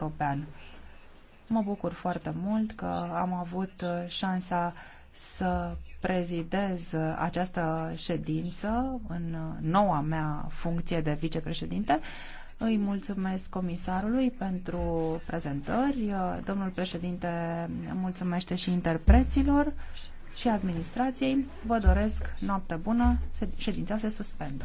european. Mă bucur foarte mult că am avut uh, șansa să prezidez uh, această ședință în uh, noua mea funcție de vicepreședinte. Îi mulțumesc comisarului pentru prezentări. Domnul președinte mulțumește și interpreților și administrației. Vă doresc noapte bună. Ședința se suspendă.